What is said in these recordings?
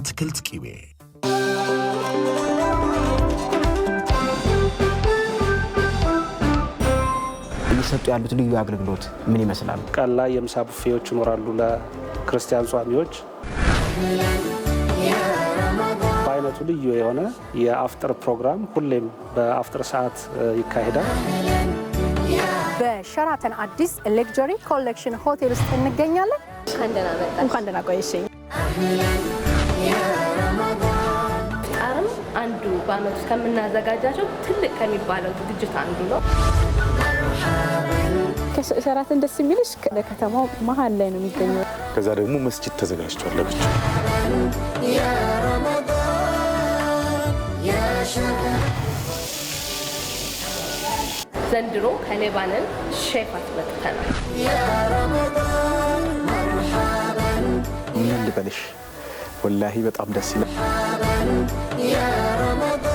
አትክልት ቂቤ እየሰጡ ያሉት ልዩ አገልግሎት ምን ይመስላል? ቀን ላይ የምሳ ቡፌዎች ይኖራሉ ለክርስቲያን ጿሚዎች። በአይነቱ ልዩ የሆነ የአፍጥር ፕሮግራም ሁሌም በአፍጥር ሰዓት ይካሄዳል። በሸራተን አዲስ ሌክጀሪ ኮሌክሽን ሆቴል ውስጥ እንገኛለን። እንኳን ደህና ቆየሽኝ። ጣርም አንዱ በአመት ውስጥ ከምናዘጋጃቸው ትልቅ ከሚባለው ዝግጅት አንዱ ነው። ሸራተን ደስ የሚልሽ ከተማው መሀል ላይ ነው የሚገኘው። ከዛ ደግሞ መስጂድ ተዘጋጅቷል ለብቻ ዘንድሮ ከሌባንን ሼፍ አስመጥተናል። ምን ልበልሽ والله بتقدس يا رمضان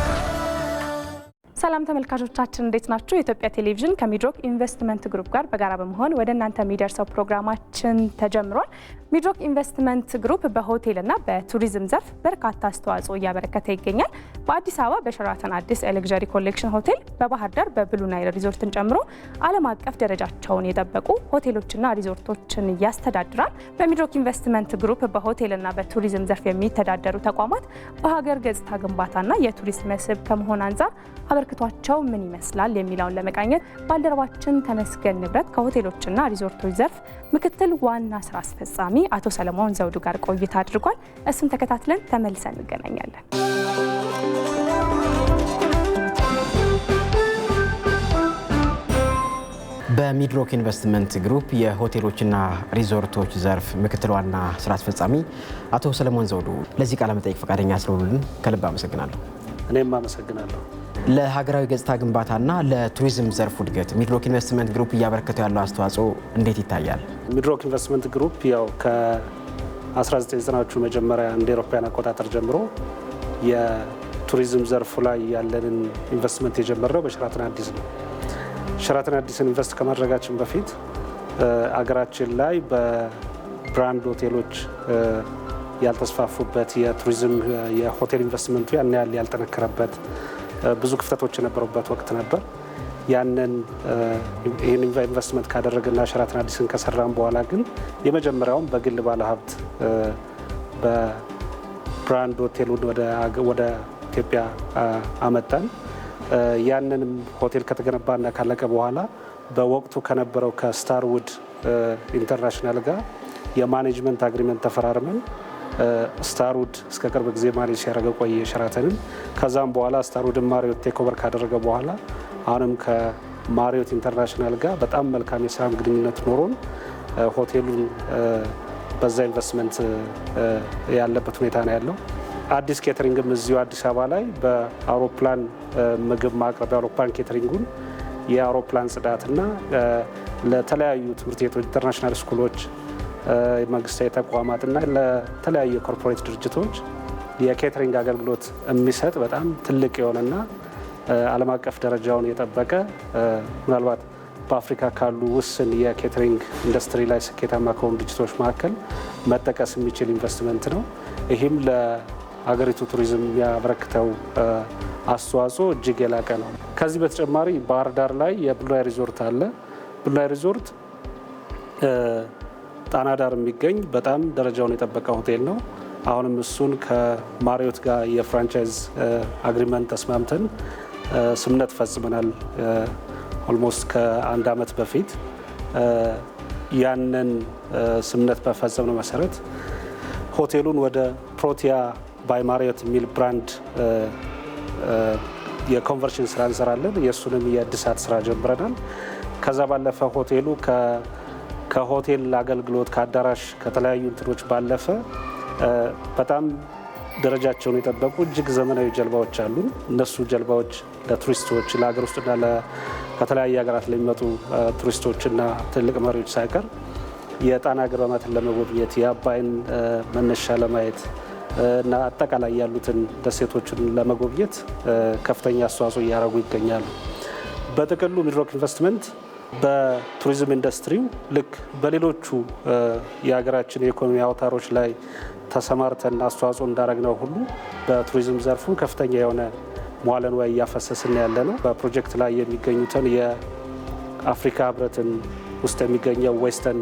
ሰላም ተመልካቾቻችን እንዴት ናችሁ? የኢትዮጵያ ቴሌቪዥን ከሚድሮክ ኢንቨስትመንት ግሩፕ ጋር በጋራ በመሆን ወደ እናንተ የሚደርሰው ፕሮግራማችን ተጀምሯል። ሚድሮክ ኢንቨስትመንት ግሩፕ በሆቴልና በቱሪዝም ዘርፍ በርካታ አስተዋጽኦ እያበረከተ ይገኛል። በአዲስ አበባ በሸራተን አዲስ ኤሌግዠሪ ኮሌክሽን ሆቴል፣ በባህር ዳር በብሉ ናይል ሪዞርትን ጨምሮ ዓለም አቀፍ ደረጃቸውን የጠበቁ ሆቴሎችና ሪዞርቶችን ያስተዳድራል። በሚድሮክ ኢንቨስትመንት ግሩፕ በሆቴልና በቱሪዝም ዘርፍ የሚተዳደሩ ተቋማት በሀገር ገጽታ ግንባታና የቱሪስት መስህብ ከመሆን አንጻር አበርክ አበርክቷቸው ምን ይመስላል የሚለውን ለመቃኘት ባልደረባችን ተመስገን ንብረት ከሆቴሎችና ሪዞርቶች ዘርፍ ምክትል ዋና ስራ አስፈጻሚ አቶ ሰለሞን ዘውዱ ጋር ቆይታ አድርጓል። እሱን ተከታትለን ተመልሰን እንገናኛለን። በሚድሮክ ኢንቨስትመንት ግሩፕ የሆቴሎችና ሪዞርቶች ዘርፍ ምክትል ዋና ስራ አስፈጻሚ አቶ ሰለሞን ዘውዱ ለዚህ ቃለ መጠይቅ ፈቃደኛ ስለሆኑልን ከልብ አመሰግናለሁ። እኔም አመሰግናለሁ። ለሀገራዊ ገጽታ ግንባታና ለቱሪዝም ዘርፍ እድገት ሚድሮክ ኢንቨስትመንት ግሩፕ እያበረከተው ያለው አስተዋጽኦ እንዴት ይታያል? ሚድሮክ ኢንቨስትመንት ግሩፕ ያው ከ1990ዎቹ መጀመሪያ እንደ ኤሮፓያን አቆጣጠር ጀምሮ የቱሪዝም ዘርፉ ላይ ያለንን ኢንቨስትመንት የጀመረው በሸራተን አዲስ ነው። ሸራተን አዲስን ኢንቨስት ከማድረጋችን በፊት አገራችን ላይ በብራንድ ሆቴሎች ያልተስፋፉበት የቱሪዝም የሆቴል ኢንቨስትመንቱ ያን ያህል ያልጠነከረበት ብዙ ክፍተቶች የነበሩበት ወቅት ነበር። ያንን ይህን ኢንቨስትመንት ካደረግና ሸራተን አዲስን ከሰራን በኋላ ግን የመጀመሪያውም በግል ባለሀብት በብራንድ ሆቴሉን ወደ ኢትዮጵያ አመጣን። ያንንም ሆቴል ከተገነባና ካለቀ በኋላ በወቅቱ ከነበረው ከስታርውድ ኢንተርናሽናል ጋር የማኔጅመንት አግሪመንት ተፈራርመን ስታሩድ እስከ ቅርብ ጊዜ ማኔጅ ሲያደርገው ቆየ ሸራተንን። ከዛም በኋላ ስታሩድ ማሪዮት ቴክኦቨር ካደረገ በኋላ አሁንም ከማሪዮት ኢንተርናሽናል ጋር በጣም መልካም የስራም ግንኙነት ኖሮን ሆቴሉን በዛ ኢንቨስትመንት ያለበት ሁኔታ ነው ያለው። አዲስ ኬተሪንግም እዚሁ አዲስ አበባ ላይ በአውሮፕላን ምግብ ማቅረብ የአውሮፕላን ኬተሪንጉን የአውሮፕላን ጽዳትና ለተለያዩ ትምህርት ቤቶች ኢንተርናሽናል ስኩሎች የመንግስታዊ ተቋማትና ለተለያዩ የኮርፖሬት ድርጅቶች የኬተሪንግ አገልግሎት የሚሰጥ በጣም ትልቅ የሆነና ዓለም አቀፍ ደረጃውን የጠበቀ ምናልባት በአፍሪካ ካሉ ውስን የኬተሪንግ ኢንዱስትሪ ላይ ስኬታማ ከሆኑ ድርጅቶች መካከል መጠቀስ የሚችል ኢንቨስትመንት ነው። ይህም ለሀገሪቱ ቱሪዝም የሚያበረክተው አስተዋጽኦ እጅግ የላቀ ነው። ከዚህ በተጨማሪ ባህር ዳር ላይ የብሉናይ ሪዞርት አለ። ብሉናይ ሪዞርት ጣና ዳር የሚገኝ በጣም ደረጃውን የጠበቀ ሆቴል ነው። አሁንም እሱን ከማሪዮት ጋር የፍራንቻይዝ አግሪመንት ተስማምተን ስምነት ፈጽመናል። ኦልሞስት ከአንድ ዓመት በፊት ያንን ስምነት በፈጸምነው መሰረት ሆቴሉን ወደ ፕሮቲያ ባይ ማሪዮት የሚል ብራንድ የኮንቨርሽን ስራ እንሰራለን። የእሱንም የእድሳት ስራ ጀምረናል። ከዛ ባለፈ ሆቴሉ ከሆቴል አገልግሎት ከአዳራሽ ከተለያዩ እንትኖች ባለፈ በጣም ደረጃቸውን የጠበቁ እጅግ ዘመናዊ ጀልባዎች አሉ። እነሱ ጀልባዎች ለቱሪስቶች ለሀገር ውስጥና ከተለያየ ሀገራት ለሚመጡ ቱሪስቶችና ትልቅ መሪዎች ሳይቀር የጣና ገዳማትን ለመጎብኘት የአባይን መነሻ ለማየት እና አጠቃላይ ያሉትን ደሴቶችን ለመጎብኘት ከፍተኛ አስተዋጽኦ እያደረጉ ይገኛሉ። በጥቅሉ ሚድሮክ ኢንቨስትመንት በቱሪዝም ኢንዱስትሪው ልክ በሌሎቹ የሀገራችን የኢኮኖሚ አውታሮች ላይ ተሰማርተን አስተዋጽኦ እንዳደረግነው ሁሉ በቱሪዝም ዘርፉ ከፍተኛ የሆነ መዋለ ንዋይ እያፈሰስን ያለ ነው። በፕሮጀክት ላይ የሚገኙትን የአፍሪካ ህብረትን ውስጥ የሚገኘው ዌስተን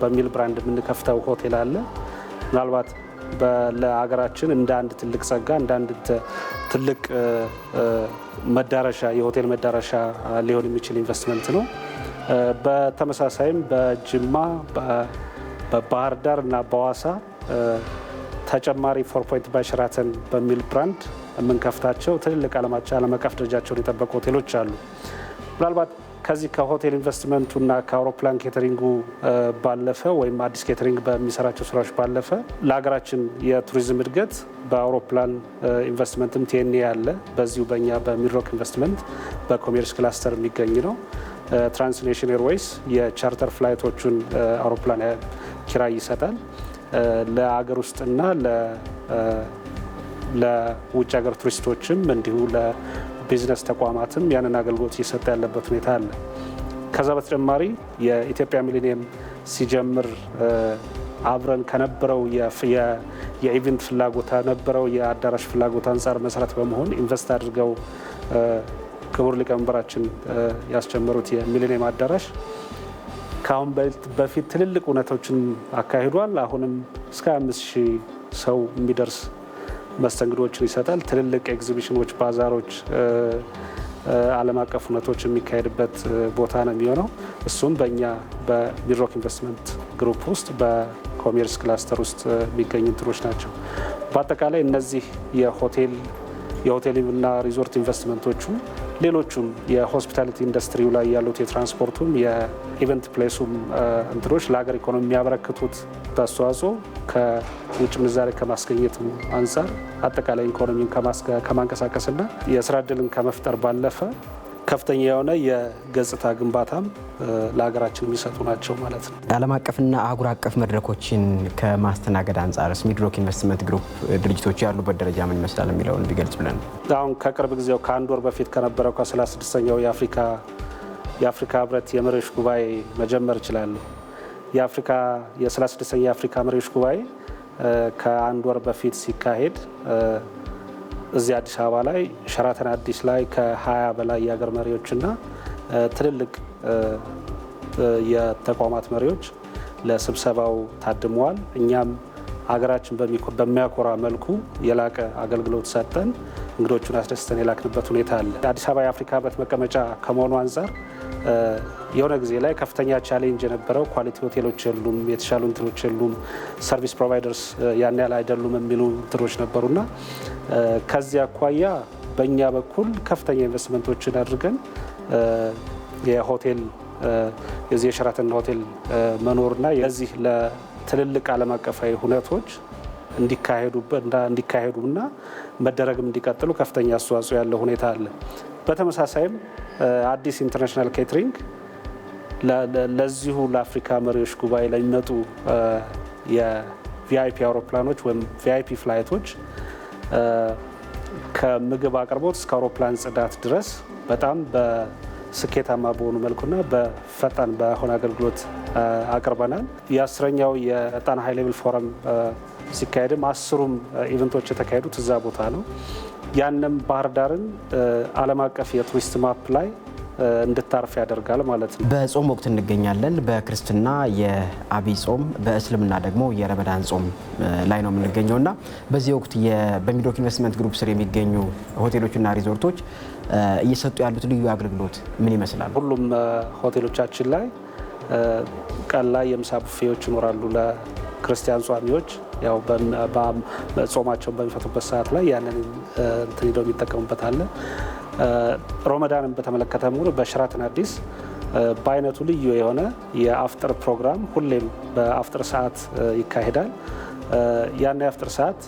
በሚል ብራንድ የምንከፍተው ሆቴል አለ። ምናልባት ለሀገራችን እንደ አንድ ትልቅ ጸጋ እንደ አንድ ትልቅ መዳረሻ የሆቴል መዳረሻ ሊሆን የሚችል ኢንቨስትመንት ነው። በተመሳሳይም በጅማ በባህር ዳር እና በዋሳ ተጨማሪ ፎር ፖይንት ባይ ሸራተን በሚል ብራንድ የምንከፍታቸው ትልልቅ ዓለም አቀፍ ደረጃቸውን የጠበቁ ሆቴሎች አሉ። ምናልባት ከዚህ ከሆቴል ኢንቨስትመንቱና ከአውሮፕላን ኬተሪንጉ ባለፈ ወይም አዲስ ኬተሪንግ በሚሰራቸው ስራዎች ባለፈ ለሀገራችን የቱሪዝም እድገት በአውሮፕላን ኢንቨስትመንትም ቴኔ ያለ በዚሁ በእኛ በሚድሮክ ኢንቨስትመንት በኮሜርስ ክላስተር የሚገኝ ነው። ትራንስሌሽን ኤርዌይስ የቻርተር ፍላይቶቹን አውሮፕላን ኪራይ ይሰጣል። ለአገር ውስጥና ለውጭ ሀገር ቱሪስቶችም እንዲሁ ለቢዝነስ ተቋማትም ያንን አገልግሎት እየሰጠ ያለበት ሁኔታ አለ። ከዛ በተጨማሪ የኢትዮጵያ ሚሊኒየም ሲጀምር አብረን ከነበረው የኢቨንት ፍላጎት ነበረው የአዳራሽ ፍላጎት አንጻር መሰረት በመሆን ኢንቨስት አድርገው ክቡር ሊቀመንበራችን ያስጀመሩት የሚሊኒየም አዳራሽ ከአሁን በፊት ትልልቅ እውነቶችን አካሂዷል። አሁንም እስከ አምስት ሺህ ሰው የሚደርስ መስተንግዶችን ይሰጣል። ትልልቅ ኤግዚቢሽኖች፣ ባዛሮች፣ ዓለም አቀፍ እውነቶች የሚካሄድበት ቦታ ነው የሚሆነው። እሱም በእኛ በሚድሮክ ኢንቨስትመንት ግሩፕ ውስጥ በኮሜርስ ክላስተር ውስጥ የሚገኙ እንትኖች ናቸው። በአጠቃላይ እነዚህ የሆቴል የሆቴልና ሪዞርት ኢንቨስትመንቶቹ ሌሎቹም የሆስፒታሊቲ ኢንዱስትሪው ላይ ያሉት የትራንስፖርቱም የኢቨንት ፕሌሱም እንትኖች ለሀገር ኢኮኖሚ የሚያበረክቱት አስተዋጽኦ ከውጭ ምንዛሬ ከማስገኘት አንጻር አጠቃላይ ኢኮኖሚን ከማንቀሳቀስና የስራ እድልን ከመፍጠር ባለፈ ከፍተኛ የሆነ የገጽታ ግንባታም ለሀገራችን የሚሰጡ ናቸው ማለት ነው። ዓለም አቀፍና አህጉር አቀፍ መድረኮችን ከማስተናገድ አንጻር ስሚድሮክ ኢንቨስትመንት ግሩፕ ድርጅቶች ያሉበት ደረጃ ምን ይመስላል የሚለውን ቢገልጽ ብለን አሁን ከቅርብ ጊዜው ከአንድ ወር በፊት ከነበረው ከ36ኛው የአፍሪካ የአፍሪካ ህብረት የመሪዎች ጉባኤ መጀመር ይችላሉ። የአፍሪካ የ36ኛ የአፍሪካ መሪዎች ጉባኤ ከአንድ ወር በፊት ሲካሄድ እዚህ አዲስ አበባ ላይ ሸራተን አዲስ ላይ ከ20 በላይ የሀገር መሪዎችና ትልልቅ የተቋማት መሪዎች ለስብሰባው ታድመዋል። እኛም ሀገራችን በሚያኮራ መልኩ የላቀ አገልግሎት ሰጠን፣ እንግዶቹን አስደስተን የላክንበት ሁኔታ አለ። አዲስ አበባ የአፍሪካ ህብረት መቀመጫ ከመሆኑ አንጻር የሆነ ጊዜ ላይ ከፍተኛ ቻሌንጅ የነበረው ኳሊቲ ሆቴሎች የሉም፣ የተሻሉ እንትኖች የሉም፣ ሰርቪስ ፕሮቫይደርስ ያን ያህል አይደሉም የሚሉ እንትኖች ነበሩና ከዚህ አኳያ በእኛ በኩል ከፍተኛ ኢንቨስትመንቶችን አድርገን የሆቴል የዚህ የሸራተን ሆቴል መኖርና ለዚህ ለትልልቅ ዓለም አቀፋዊ ሁነቶች እንዲካሄዱና መደረግም እንዲቀጥሉ ከፍተኛ አስተዋጽኦ ያለው ሁኔታ አለ። በተመሳሳይም አዲስ ኢንተርናሽናል ኬትሪንግ ለዚሁ ለአፍሪካ መሪዎች ጉባኤ ለሚመጡ የቪአይፒ አውሮፕላኖች ወይም ቪአይፒ ፍላይቶች ከምግብ አቅርቦት እስከ አውሮፕላን ጽዳት ድረስ በጣም በስኬታማ በሆኑ መልኩና በፈጣን በሆነ አገልግሎት አቅርበናል። የአስረኛው የጣና ሀይሌብል ሌቭል ፎረም ሲካሄድም አስሩም ኢቨንቶች የተካሄዱት እዛ ቦታ ነው። ያንም ባህር ዳርን ዓለም አቀፍ የቱሪስት ማፕ ላይ እንድታርፍ ያደርጋል ማለት ነው። በጾም ወቅት እንገኛለን። በክርስትና የአብይ ጾም፣ በእስልምና ደግሞ የረመዳን ጾም ላይ ነው የምንገኘው እና በዚህ ወቅት በሚድሮክ ኢንቨስትመንት ግሩፕ ስር የሚገኙ ሆቴሎችና ሪዞርቶች እየሰጡ ያሉት ልዩ አገልግሎት ምን ይመስላል? ሁሉም ሆቴሎቻችን ላይ ቀን ላይ የምሳ ቡፌዎች ይኖራሉ ለክርስቲያን ጿሚዎች ያው ጾማቸውን በሚፈቱበት ሰዓት ላይ ያንን እንትን የሚጠቀሙበት አለ። ሮመዳንን በተመለከተ ሙሉ በሽራትን አዲስ በአይነቱ ልዩ የሆነ የአፍጥር ፕሮግራም ሁሌም በአፍጥር ሰዓት ይካሄዳል። ያን የአፍጥር ሰዓት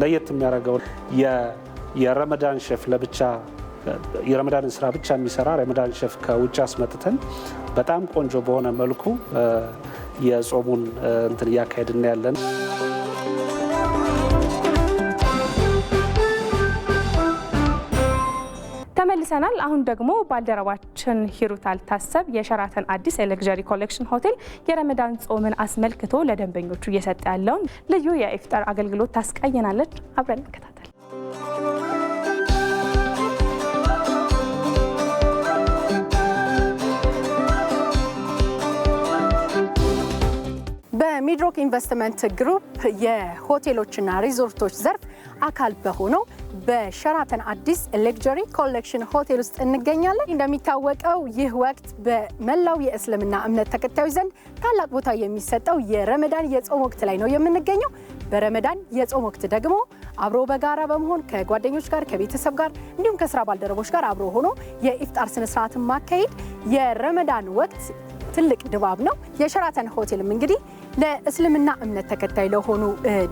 ለየት የሚያደርገው የረመዳን ሼፍ ለብቻ የረመዳንን ስራ ብቻ የሚሰራ ረመዳን ሼፍ ከውጭ አስመጥተን በጣም ቆንጆ በሆነ መልኩ የጾሙን እንትን እያካሄድን ያለን ተመልሰናል። አሁን ደግሞ ባልደረባችን ሂሩት አልታሰብ የሸራተን አዲስ የለግዠሪ ኮሌክሽን ሆቴል የረመዳን ጾምን አስመልክቶ ለደንበኞቹ እየሰጠ ያለውን ልዩ የኢፍጣር አገልግሎት ታስቃየናለች። አብረን እንከታተል። የሚድሮክ ኢንቨስትመንት ግሩፕ የሆቴሎችና ሪዞርቶች ዘርፍ አካል በሆነው በሸራተን አዲስ ሌክጀሪ ኮሌክሽን ሆቴል ውስጥ እንገኛለን። እንደሚታወቀው ይህ ወቅት በመላው የእስልምና እምነት ተከታዮች ዘንድ ታላቅ ቦታ የሚሰጠው የረመዳን የጾም ወቅት ላይ ነው የምንገኘው። በረመዳን የጾም ወቅት ደግሞ አብሮ በጋራ በመሆን ከጓደኞች ጋር ከቤተሰብ ጋር እንዲሁም ከስራ ባልደረቦች ጋር አብሮ ሆኖ የኢፍጣር ስነስርዓትን ማካሄድ የረመዳን ወቅት ትልቅ ድባብ ነው። የሸራተን ሆቴልም እንግዲህ ለእስልምና እምነት ተከታይ ለሆኑ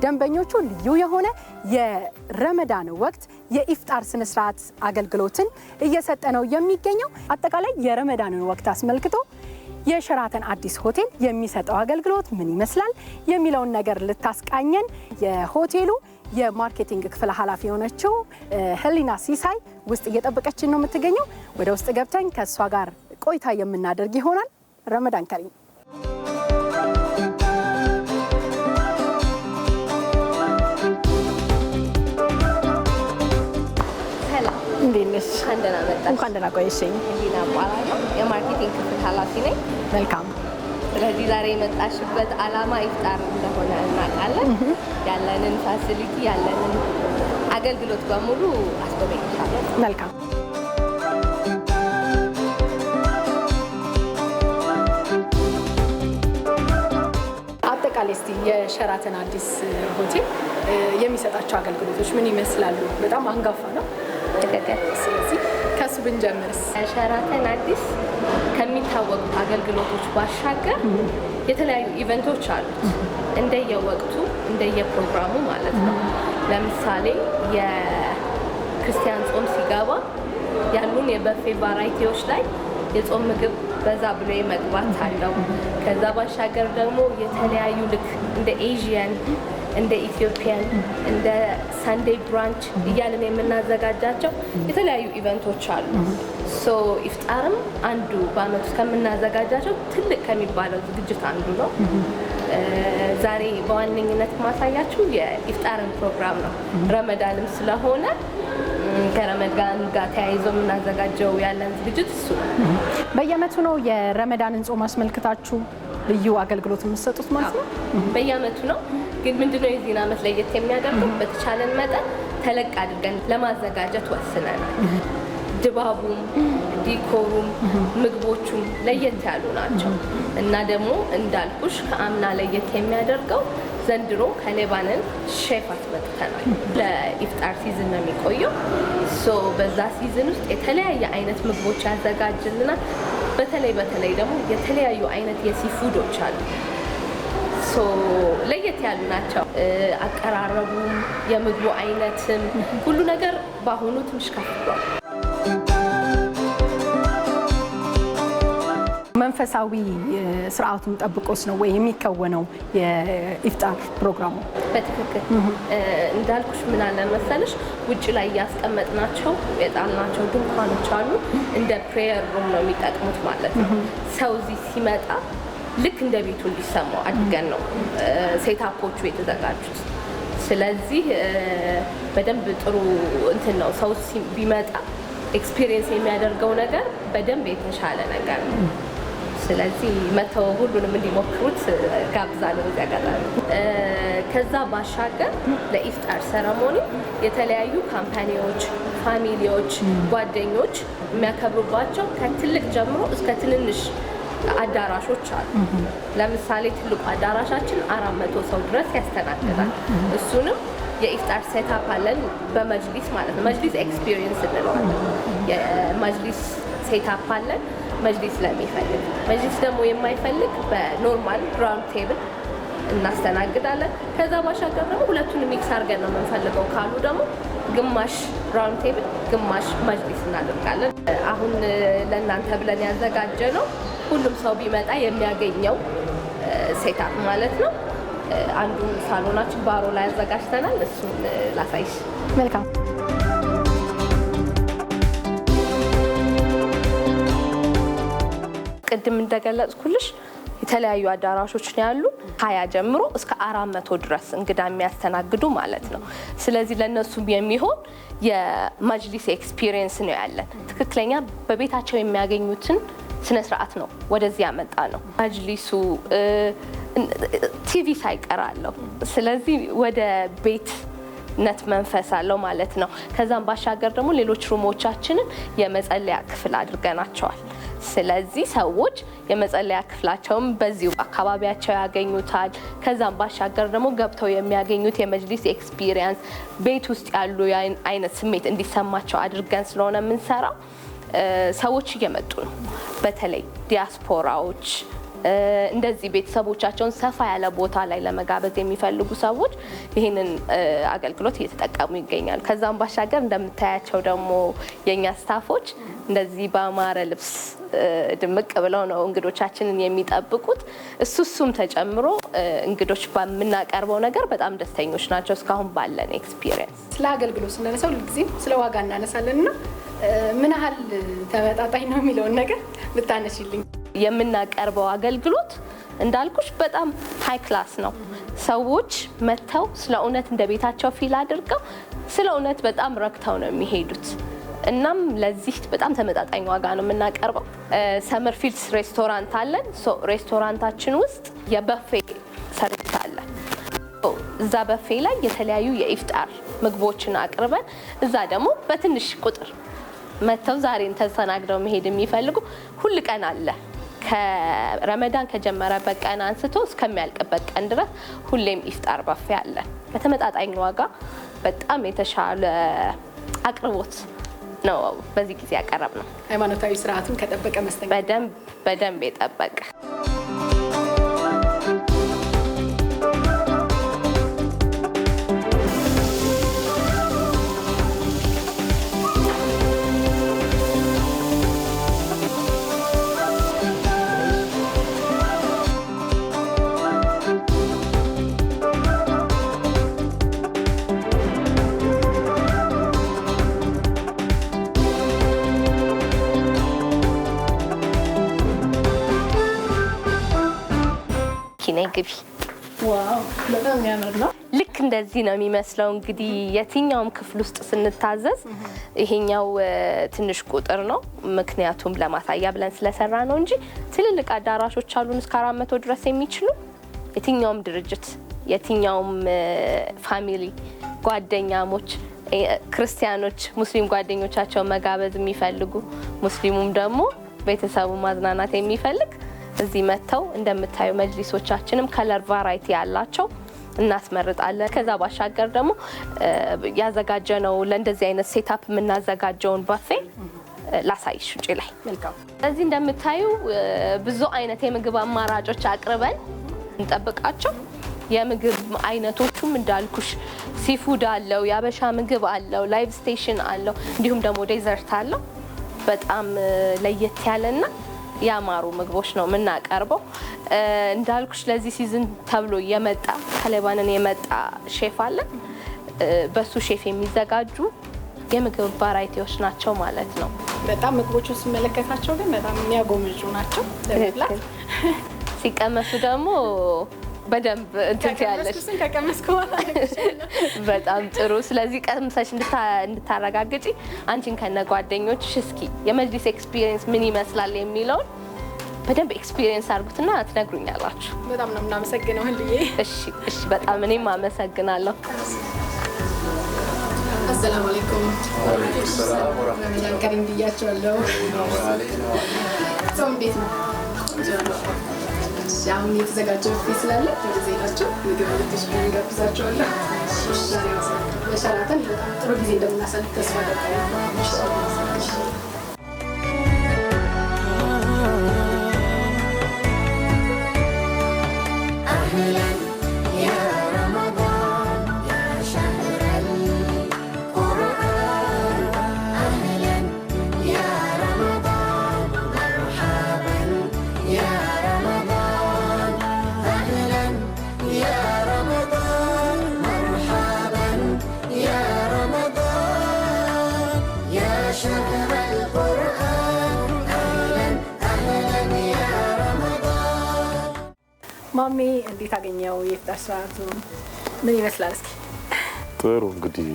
ደንበኞቹ ልዩ የሆነ የረመዳን ወቅት የኢፍጣር ስነስርዓት አገልግሎትን እየሰጠ ነው የሚገኘው። አጠቃላይ የረመዳንን ወቅት አስመልክቶ የሸራተን አዲስ ሆቴል የሚሰጠው አገልግሎት ምን ይመስላል የሚለውን ነገር ልታስቃኘን የሆቴሉ የማርኬቲንግ ክፍል ኃላፊ የሆነችው ህሊና ሲሳይ ውስጥ እየጠበቀችን ነው የምትገኘው። ወደ ውስጥ ገብተን ከእሷ ጋር ቆይታ የምናደርግ ይሆናል። ረመዳን ከሪም እንዴት ነሽ? አንደና መጣሽ። እንኳን ደህና ቆየሽኝ። ህሊና እባላለሁ የማርኬቲንግ ክፍል ኃላፊ ነኝ። መልካም። ስለዚህ ዛሬ የመጣሽበት ዓላማ ኢፍጣር እንደሆነ እናውቃለን። ያለንን ፋሲሊቲ ያለንን አገልግሎት በሙሉ አስጎበኝሻለሁ። መልካም አጠቃላይ እስቲ የሸራተን አዲስ ሆቴል የሚሰጣቸው አገልግሎቶች ምን ይመስላሉ? በጣም አንጋፋ ነው። አጠቃቀም። ስለዚህ ከሱ ብንጀምርስ ሸራተን አዲስ ከሚታወቁ አገልግሎቶች ባሻገር የተለያዩ ኢቨንቶች አሉት እንደየወቅቱ እንደየፕሮግራሙ ማለት ነው። ለምሳሌ የክርስቲያን ጾም ሲገባ ያሉን የበፌ ቫራይቲዎች ላይ የጾም ምግብ በዛ ብሎ መግባት አለው። ከዛ ባሻገር ደግሞ የተለያዩ ልክ እንደ ኤዥያን እንደ ኢትዮጵያን እንደ ሰንዴይ ብራንች እያልን የምናዘጋጃቸው የተለያዩ ኢቨንቶች አሉ። ሶ ኢፍጣርም አንዱ በአመት ውስጥ ከምናዘጋጃቸው ትልቅ ከሚባለው ዝግጅት አንዱ ነው። ዛሬ በዋነኝነት ማሳያችሁ የኢፍጣርን ፕሮግራም ነው። ረመዳንም ስለሆነ ከረመዳን ጋር ተያይዞ የምናዘጋጀው ያለን ዝግጅት እሱ ነው። በየአመቱ ነው የረመዳንን ጾም አስመልክታችሁ ልዩ አገልግሎት የምትሰጡት ማለት ነው? በየአመቱ ነው። ግን ምንድነው የዚህን ዓመት ለየት የሚያደርገው በተቻለን መጠን ተለቅ አድርገን ለማዘጋጀት ወስነናል። ድባቡም፣ ዲኮሩም፣ ምግቦቹም ለየት ያሉ ናቸው እና ደግሞ እንዳልኩሽ ከአምና ለየት የሚያደርገው ዘንድሮ ከሌባንን ሼፍ አስመጥተናል። ለኢፍጣር ሲዝን ነው የሚቆየው። ሶ በዛ ሲዝን ውስጥ የተለያየ አይነት ምግቦች ያዘጋጅልናል። በተለይ በተለይ ደግሞ የተለያዩ አይነት የሲፉዶች አሉ ለየት ያሉ ናቸው። አቀራረቡም፣ የምግቡ አይነትም ሁሉ ነገር በአሁኑ ትንሽ ከፍ ብሏል። መንፈሳዊ ስርዓቱን ጠብቆስ ነው ወይ የሚከወነው የኢፍጣር ፕሮግራሙ? በትክክል እንዳልኩሽ ምን አለን መሰለሽ ውጭ ላይ እያስቀመጥናቸው የጣልናቸው ድንኳኖች አሉ። እንደ ፕሬየር ሩም ነው የሚጠቅሙት ማለት ነው። ሰው እዚህ ሲመጣ ልክ እንደ ቤቱ እንዲሰማው አድርገን ነው ሴታፖቹ የተዘጋጁት። ስለዚህ በደንብ ጥሩ እንትን ነው። ሰው ቢመጣ ኤክስፒሪየንስ የሚያደርገው ነገር በደንብ የተሻለ ነገር ነው። ስለዚህ መተው ሁሉንም እንዲሞክሩት ጋብዛለሁ በዚህ አጋጣሚ። ከዛ ባሻገር ለኢፍጣር ሰረሞኒ የተለያዩ ካምፓኒዎች፣ ፋሚሊዎች፣ ጓደኞች የሚያከብሩባቸው ከትልቅ ጀምሮ እስከ ትንንሽ አዳራሾች አሉ። ለምሳሌ ትልቁ አዳራሻችን አራት መቶ ሰው ድረስ ያስተናግዳል። እሱንም የኢፍጣር ሴታፕ አለን በመጅሊስ ማለት ነው። መጅሊስ ኤክስፒሪየንስ እንለዋለን። የመጅሊስ ሴታፕ አለን መጅሊስ ለሚፈልግ። መጅሊስ ደግሞ የማይፈልግ በኖርማል ራውንድ ቴብል እናስተናግዳለን። ከዛ ባሻገር ደግሞ ሁለቱን ሚክስ አድርገን ነው የምንፈልገው ካሉ ደግሞ ግማሽ ራውንድ ቴብል፣ ግማሽ መጅሊስ እናደርጋለን። አሁን ለእናንተ ብለን ያዘጋጀ ነው ሁሉም ሰው ቢመጣ የሚያገኘው ሴታፕ ማለት ነው። አንዱ ሳሎናችን ባሮ ላይ አዘጋጅተናል። እሱን ላሳይሽ። መልካም ቅድም እንደገለጽኩልሽ የተለያዩ አዳራሾች ነው ያሉ ሀያ ጀምሮ እስከ አራት መቶ ድረስ እንግዳ የሚያስተናግዱ ማለት ነው። ስለዚህ ለእነሱም የሚሆን የመጅሊስ ኤክስፒሪየንስ ነው ያለን። ትክክለኛ በቤታቸው የሚያገኙትን ስነ ስርዓት ነው ወደዚያ ያመጣ ነው። መጅሊሱ ቲቪ ሳይቀራለሁ። ስለዚህ ወደ ቤትነት መንፈስ አለው ማለት ነው። ከዛም ባሻገር ደግሞ ሌሎች ሩሞቻችንን የመጸለያ ክፍል አድርገናቸዋል። ስለዚህ ሰዎች የመጸለያ ክፍላቸውን በዚሁ አካባቢያቸው ያገኙታል። ከዛም ባሻገር ደግሞ ገብተው የሚያገኙት የመጅሊስ ኤክስፒሪየንስ ቤት ውስጥ ያሉ አይነት ስሜት እንዲሰማቸው አድርገን ስለሆነ የምንሰራው ሰዎች እየመጡ ነው። በተለይ ዲያስፖራዎች እንደዚህ ቤተሰቦቻቸውን ሰፋ ያለ ቦታ ላይ ለመጋበዝ የሚፈልጉ ሰዎች ይህንን አገልግሎት እየተጠቀሙ ይገኛሉ። ከዛም ባሻገር እንደምታያቸው ደግሞ የእኛ ስታፎች እንደዚህ በአማረ ልብስ ድምቅ ብለው ነው እንግዶቻችንን የሚጠብቁት። እሱ እሱም ተጨምሮ እንግዶች በምናቀርበው ነገር በጣም ደስተኞች ናቸው። እስካሁን ባለን ኤክስፒሪየንስ ስለ አገልግሎት ስናነሳው ሁልጊዜም ስለ ዋጋ እናነሳለን እና ምን ያህል ተመጣጣኝ ነው የሚለውን ነገር ብታነሽልኝ የምናቀርበው አገልግሎት እንዳልኩሽ በጣም ሀይ ክላስ ነው። ሰዎች መጥተው ስለ እውነት እንደ ቤታቸው ፊል አድርገው ስለ እውነት በጣም ረክተው ነው የሚሄዱት። እናም ለዚህ በጣም ተመጣጣኝ ዋጋ ነው የምናቀርበው። ሰመርፊልድስ ሬስቶራንት አለን። ሬስቶራንታችን ውስጥ የበፌ ሰርቪስ አለ። እዛ በፌ ላይ የተለያዩ የኢፍጣር ምግቦችን አቅርበን እዛ ደግሞ በትንሽ ቁጥር መጥተው ዛሬን ተስተናግደው መሄድ የሚፈልጉ ሁል ቀን አለ። ከረመዳን ከጀመረበት ቀን አንስቶ እስከሚያልቅበት ቀን ድረስ ሁሌም ኢፍጣር ባፌ አለን። በተመጣጣኝ ዋጋ በጣም የተሻለ አቅርቦት ነው። በዚህ ጊዜ ያቀረብ ነው ሃይማኖታዊ ስርዓቱን ከጠበቀ መስተንግዶ በደንብ በደንብ የጠበቀ የሚያምር ነው። ልክ እንደዚህ ነው የሚመስለው። እንግዲህ የትኛውም ክፍል ውስጥ ስንታዘዝ ይሄኛው ትንሽ ቁጥር ነው፣ ምክንያቱም ለማሳያ ብለን ስለሰራ ነው እንጂ ትልልቅ አዳራሾች አሉን እስከ አራት መቶ ድረስ የሚችሉ የትኛውም ድርጅት የትኛውም ፋሚሊ ጓደኛሞች ክርስቲያኖች ሙስሊም ጓደኞቻቸውን መጋበዝ የሚፈልጉ ሙስሊሙም ደግሞ ቤተሰቡ ማዝናናት የሚፈልግ እዚህ መጥተው እንደምታዩ መጅሊሶቻችንም ከለር ቫራይቲ ያላቸው እናስመርጣለን። ከዛ ባሻገር ደግሞ ያዘጋጀነው ለእንደዚህ አይነት ሴታፕ የምናዘጋጀውን ባፌ ላሳይሽ ውጭ ላይ እዚህ እንደምታዩ ብዙ አይነት የምግብ አማራጮች አቅርበን እንጠብቃቸው። የምግብ አይነቶቹም እንዳልኩሽ ሲፉድ አለው፣ የአበሻ ምግብ አለው፣ ላይቭ ስቴሽን አለው፣ እንዲሁም ደግሞ ዴዘርት አለው። በጣም ለየት ያለና ያማሩ ምግቦች ነው የምናቀርበው። እንዳልኩሽ ለዚህ ሲዝን ተብሎ የመጣ ከሌባንን የመጣ ሼፍ አለን። በሱ ሼፍ የሚዘጋጁ የምግብ ቫራይቲዎች ናቸው ማለት ነው። በጣም ምግቦቹ ስመለከታቸው ግን በጣም የሚያጎምጁ ናቸው ሲቀመሱ ደግሞ በደንብ እንትን ያለሽ በጣም ጥሩ። ስለዚህ ቀምሰሽ እንድታረጋግጪ አንቺን ከነ ጓደኞችሽ እስኪ የመጅሊስ ኤክስፒሪየንስ ምን ይመስላል የሚለውን በደንብ ኤክስፒሪየንስ አድርጉትና ትነግሩኛላችሁ። በጣም ነው የምናመሰግነው እሺ፣ እሺ። በጣም እኔም አመሰግናለሁ። አሰላሙ አለይኩም ብያቸዋለሁ። ሰው እንዴት ነው? አሁን የተዘጋጀ ብፌ ስላለ ወደዚህ ሄዳችሁ ምግብ ልትሽ እንጋብዛችኋለን። በሸራተን በጣም ጥሩ ጊዜ እንደምናሳልፍ ተስፋ አደርጋለሁ። ማሚ እንዴት አገኘው የፍጣር ስርዓቱ ምን ይመስላል? እስኪ ጥሩ እንግዲህ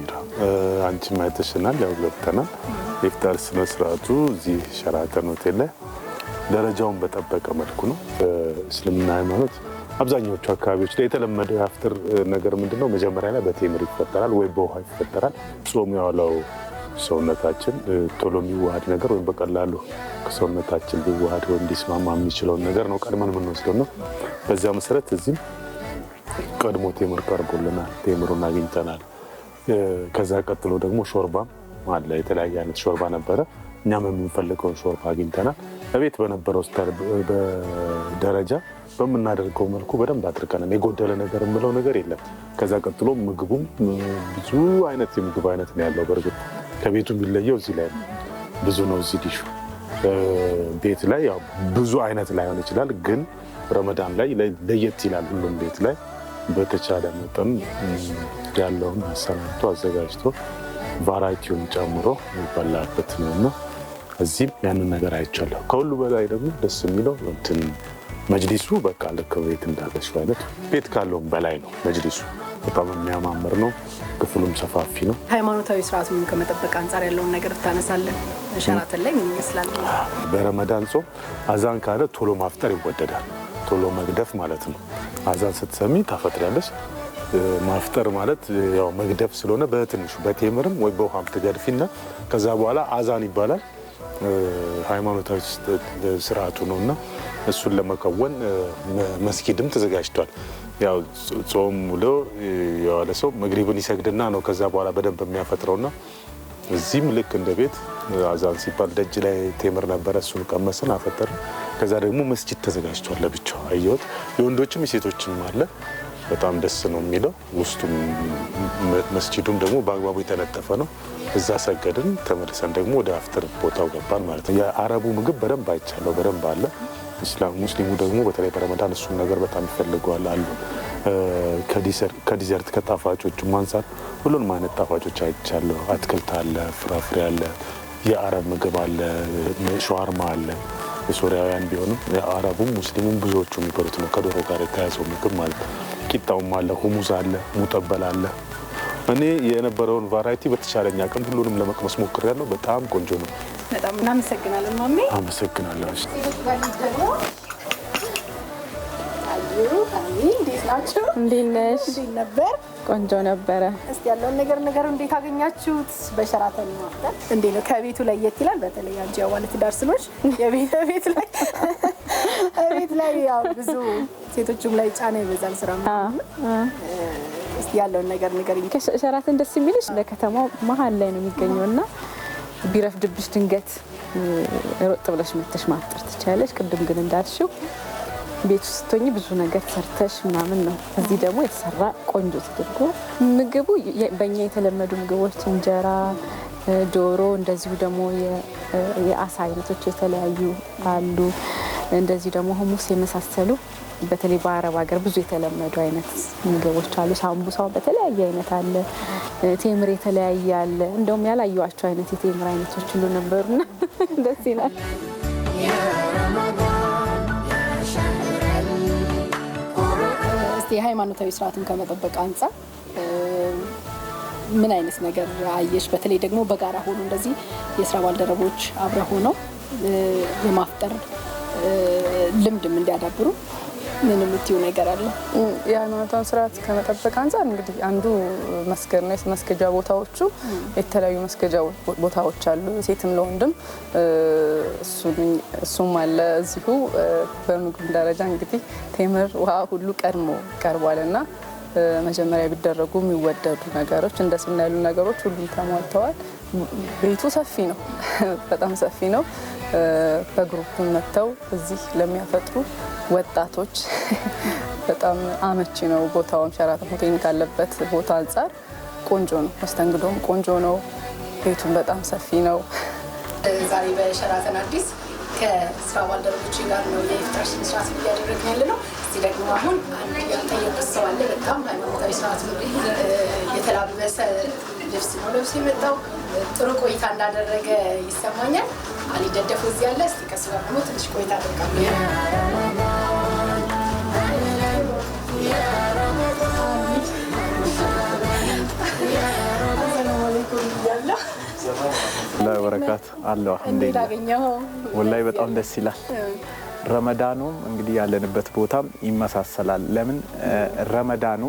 አንቺ አይተሽናል፣ ያው ገብተናል። የፍጣር ስነ ስርዓቱ እዚህ ሸራተን ሆቴል ላይ ደረጃውን በጠበቀ መልኩ ነው። እስልምና ሃይማኖት አብዛኛዎቹ አካባቢዎች ላይ የተለመደው የአፍጥር ነገር ምንድነው? መጀመሪያ ላይ በቴምር ይፈጠራል ወይ በውሃ ይፈጠራል። ጾም ያዋለው ሰውነታችን ቶሎ የሚዋሃድ ነገር ወይም በቀላሉ ከሰውነታችን ሊዋሃድ ወይም ሊስማማ የሚችለውን ነገር ነው ቀድመን የምንወስደው ነው። በዚያ መሰረት እዚህም ቀድሞ ቴምር ቀርቦልናል፣ ቴምሩን አግኝተናል። ከዛ ቀጥሎ ደግሞ ሾርባም አለ። የተለያየ አይነት ሾርባ ነበረ። እኛም የምንፈልገውን ሾርባ አግኝተናል። እቤት በነበረው ደረጃ በምናደርገው መልኩ በደንብ አድርገናል። የጎደለ ነገር የምለው ነገር የለም። ከዛ ቀጥሎ ምግቡም ብዙ አይነት የምግብ አይነት ነው ያለው በእርግጥ ከቤቱ የሚለየው እዚህ ላይ ነው። ብዙ ነው እዚህ ዲሹ ቤት ላይ ያው ብዙ አይነት ላይሆን ይችላል፣ ግን ረመዳን ላይ ለየት ይላል። ሁሉም ቤት ላይ በተቻለ መጠን ያለውን አሰናድቶ አዘጋጅቶ ቫራይቲውን ጨምሮ የሚበላበት ነውና እዚህም ያንን ነገር አይቻለሁ። ከሁሉ በላይ ደግሞ ደስ የሚለው እንትን መጅሊሱ በቃ ልክ ቤት እንዳለችው አይነት ቤት ካለውም በላይ ነው መጅሊሱ። በጣም የሚያማምር ነው። ክፍሉም ሰፋፊ ነው። ሃይማኖታዊ ስርዓቱን ከመጠበቅ አንጻር ያለውን ነገር ብታነሳለን። ሸራተን ላይ ምን ይመስላል? በረመዳን ጾም አዛን ካለ ቶሎ ማፍጠር ይወደዳል። ቶሎ መግደፍ ማለት ነው። አዛን ስትሰሚ ታፈጥሪያለሽ። ማፍጠር ማለት ያው መግደፍ ስለሆነ በትንሹ በቴምርም ወይ በውሃም ትገድፊና ከዛ በኋላ አዛን ይባላል። ሃይማኖታዊ ስርዓቱ ነው እና እሱን ለመከወን መስጊድም ተዘጋጅቷል። ያው ጾም ውሎ የዋለ ሰው መግሪብን ይሰግድና ነው ከዛ በኋላ በደንብ የሚያፈጥረውና እዚህም ልክ እንደ ቤት አዛን ሲባል ደጅ ላይ ቴምር ነበረ። እሱን ቀመስን አፈጠር። ከዛ ደግሞ መስጂድ ተዘጋጅቷል ለብቻው አየሁት። የወንዶችም የሴቶችም አለ። በጣም ደስ ነው የሚለው። ውስጡም መስጅዱም ደግሞ በአግባቡ የተነጠፈ ነው። እዛ ሰገድን። ተመልሰን ደግሞ ወደ አፍጥር ቦታው ገባን ማለት ነው። የአረቡ ምግብ በደንብ አይቻለው፣ በደንብ አለ እስላም ሙስሊሙ ደግሞ በተለይ በረመዳን እሱን ነገር በጣም ይፈልገዋል አሉ። ከዲዘርት ከጣፋጮች አንጻር ሁሉንም አይነት ጣፋጮች አይቻለሁ። አትክልት አለ፣ ፍራፍሬ አለ፣ የአረብ ምግብ አለ፣ ሸዋርማ አለ። የሶሪያውያን ቢሆንም የአረቡ ሙስሊሙም ብዙዎቹ የሚበሉት ነው፣ ከዶሮ ጋር የተያዘው ምግብ ማለት ቂጣውም አለ፣ ሁሙዝ አለ፣ ሙጠበል አለ። እኔ የነበረውን ቫራይቲ በተቻለኝ አቅም ሁሉንም ለመቅመስ ሞክሬያለሁ። በጣም ቆንጆ ነው። በጣም እናመሰግናለን ማሜ። አመሰግናለሁ። እንዴት ናችሁ? እንዴት ነሽ? እንዴት ነበር? ቆንጆ ነበረ። እስኪ ያለውን ነገር ነገሩ እንዴት አገኛችሁት? በሸራተን ማፍጠር እንዴት ነው? ከቤቱ ለየት ይላል። በተለይ አንቺ ያው ትዳር ስለሆንሽ የቤት ቤት ላይ ቤት ላይ ያው ብዙ ሴቶችም ላይ ጫና ይበዛል ስራ ያለውን ነገር ነገር ሸራተን ደስ የሚልሽ ለከተማው መሀል ላይ ነው የሚገኘው እና ቢረፍድብሽ ድንገት ሮጥ ብለሽ መተሽ ማፍጠር ትቻለሽ። ቅድም ግን እንዳልሽው ቤት ውስጥ ብዙ ነገር ሰርተሽ ምናምን ነው። እዚህ ደግሞ የተሰራ ቆንጆ ተደርጎ ምግቡ በእኛ የተለመዱ ምግቦች እንጀራ፣ ዶሮ፣ እንደዚሁ ደግሞ የአሳ አይነቶች የተለያዩ አሉ። እንደዚህ ደግሞ ሁሙስ የመሳሰሉ በተለይ በአረብ ሀገር ብዙ የተለመዱ አይነት ምግቦች አሉ። ሳምቡሳ በተለያየ አይነት አለ። ቴምር የተለያየ አለ። እንደውም ያላየዋቸው አይነት የቴምር አይነቶች ሁሉ ነበሩና ደስ ይላል። የሃይማኖታዊ ስርዓትን ከመጠበቅ አንጻር ምን አይነት ነገር አየሽ? በተለይ ደግሞ በጋራ ሆኖ እንደዚህ የስራ ባልደረቦች አብረ ሆነው የማፍጠር ልምድም እንዲያዳብሩ ምን የምትዩ ነገር አለ? የሃይማኖታዊ ስርዓት ከመጠበቅ አንጻር እንግዲህ አንዱ መስገድ ነው። መስገጃ ቦታዎቹ የተለያዩ መስገጃ ቦታዎች አሉ፣ ሴትም ለወንድም እሱም አለ። እዚሁ በምግብ ደረጃ እንግዲህ ቴምር፣ ውሃ ሁሉ ቀድሞ ቀርቧል እና መጀመሪያ ቢደረጉ የሚወደዱ ነገሮች እንደ ስና ያሉ ነገሮች ሁሉም ተሟልተዋል። ቤቱ ሰፊ ነው፣ በጣም ሰፊ ነው። በግሩፕ መጥተው እዚህ ለሚያፈጥሩ ወጣቶች በጣም አመቺ ነው። ቦታውም ሸራተን ሆቴል ካለበት ቦታ አንጻር ቆንጆ ነው። መስተንግዶም ቆንጆ ነው። ቤቱም በጣም ሰፊ ነው። ዛሬ በሸራተን አዲስ ከስራ ባልደረቦች ጋር ነው የኢፍጣር ስነስርዓት እያደረግን ያለ ነው። እዚህ ደግሞ አሁን ያልጠየቁት ሰው አለ። በጣም ሃይማኖታዊ ስርዓት የተላበሰ ልብስ ነው ለብሶ የመጣው ጥሩ ቆይታ እንዳደረገ ይሰማኛል። አሊ ደደፉ እዚህ ያለ እስቲ ከሱ ጋር ደግሞ ትንሽ ቆይታ ለበረካት አለው ወላሂ በጣም ደስ ይላል። ረመዳኑም እንግዲህ ያለንበት ቦታም ይመሳሰላል። ለምን ረመዳኑ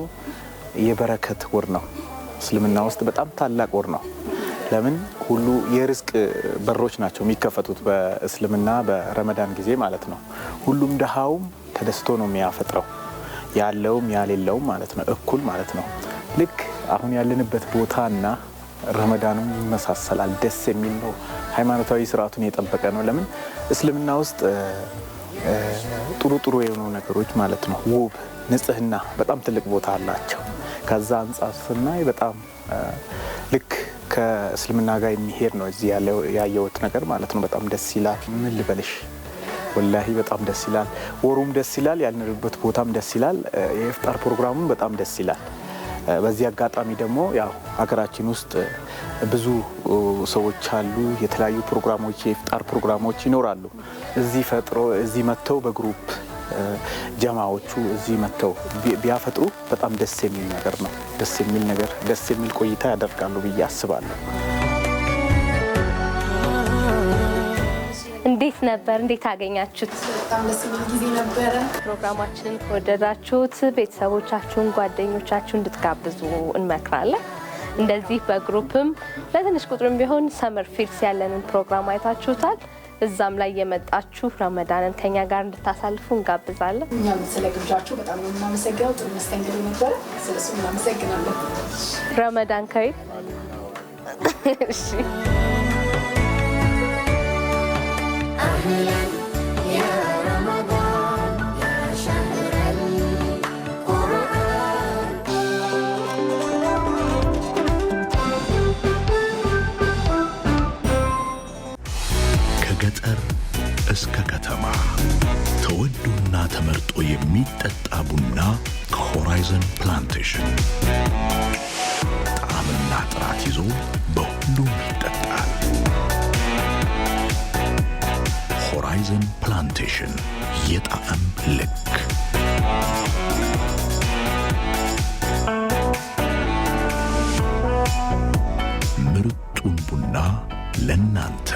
የበረከት ወር ነው። እስልምና ውስጥ በጣም ታላቅ ወር ነው። ለምን ሁሉ የርስቅ በሮች ናቸው የሚከፈቱት በእስልምና በረመዳን ጊዜ ማለት ነው። ሁሉም ድሃውም ተደስቶ ነው የሚያፈጥረው ያለውም ያሌለውም ማለት ነው፣ እኩል ማለት ነው። ልክ አሁን ያለንበት እና ረመዳኑ ይመሳሰላል። ደስ የሚል ነው። ሃይማኖታዊ ስርዓቱን የጠበቀ ነው። ለምን እስልምና ውስጥ ጥሩ ጥሩ የሆኑ ነገሮች ማለት ነው፣ ውብ፣ ንጽህና በጣም ትልቅ ቦታ አላቸው። ከዛ አንጻር ስናይ በጣም ልክ ከእስልምና ጋር የሚሄድ ነው እዚህ ያየሁት ነገር ማለት ነው። በጣም ደስ ይላል። ምን ልበልሽ፣ ወላሂ በጣም ደስ ይላል። ወሩም ደስ ይላል፣ ያልንርበት ቦታም ደስ ይላል። የኢፍጣር ፕሮግራሙም በጣም ደስ ይላል። በዚህ አጋጣሚ ደግሞ ያው ሀገራችን ውስጥ ብዙ ሰዎች አሉ። የተለያዩ ፕሮግራሞች የኢፍጣር ፕሮግራሞች ይኖራሉ። እዚህ ፈጥሮ እዚህ መጥተው በግሩፕ ጀማዎቹ እዚህ መጥተው ቢያፈጥሩ በጣም ደስ የሚል ነገር ነው። ደስ የሚል ነገር፣ ደስ የሚል ቆይታ ያደርጋሉ ብዬ አስባለሁ። እንዴት ነበር? እንዴት አገኛችሁት? በጣም ደስ የሚል ጊዜ ነበረ። ፕሮግራማችንን ከወደዳችሁት ቤተሰቦቻችሁን፣ ጓደኞቻችሁ እንድትጋብዙ እንመክራለን። እንደዚህ በግሩፕም ለትንሽ ቁጥርም ቢሆን ሰመር ፊልስ ያለንን ፕሮግራም አይታችሁታል። እዛም ላይ የመጣችሁ ረመዳንን ከኛ ጋር እንድታሳልፉ እንጋብዛለን። እኛም ስለ ግብዣችሁ በጣም ነው የምናመሰግነው። ጥሩ መስተንግዶ ነበረ። ስለሱ እናመሰግናለን። ረመዳን ከሪም። እሺ እስከ ከተማ ተወዶና ተመርጦ የሚጠጣ ቡና ከሆራይዘን ፕላንቴሽን ጣዕምና ጥራት ይዞ በሁሉም ይጠጣል። ሆራይዘን ፕላንቴሽን የጣዕም ልክ ምርጡን ቡና ለናንተ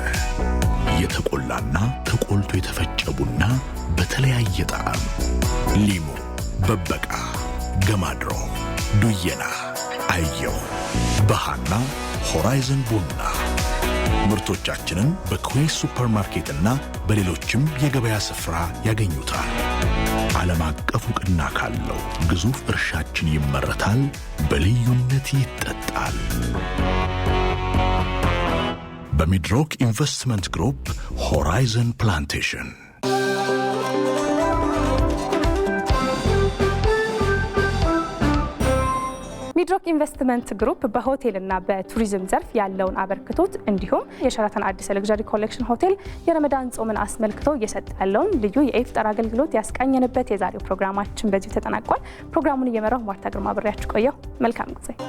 የተቆላና የተፈጨ ቡና በተለያየ ጣዕም ሊሙ፣ በበቃ፣ ገማድሮ፣ ዱየና፣ አየው፣ በሃና ሆራይዘን ቡና ምርቶቻችንን በኩዌስ ሱፐርማርኬትና በሌሎችም የገበያ ስፍራ ያገኙታል። ዓለም አቀፍ ዕውቅና ካለው ግዙፍ እርሻችን ይመረታል፣ በልዩነት ይጠጣል። በሚድሮክ ኢንቨስትመንት ግሩፕ ሆራይዘን ፕላንቴሽን ሚድሮክ ኢንቨስትመንት ግሩፕ በሆቴልና በቱሪዝም ዘርፍ ያለውን አበርክቶት እንዲሁም የሸራተን አዲስ ለግዣሪ ኮሌክሽን ሆቴል የረመዳን ጾምን አስመልክቶ እየሰጠ ያለውን ልዩ የኢፍጣር አገልግሎት ያስቃኘንበት የዛሬው ፕሮግራማችን በዚሁ ተጠናቋል። ፕሮግራሙን እየመራው ማርታ ግርማ ብሬያችሁ ቆየሁ። መልካም ጊዜ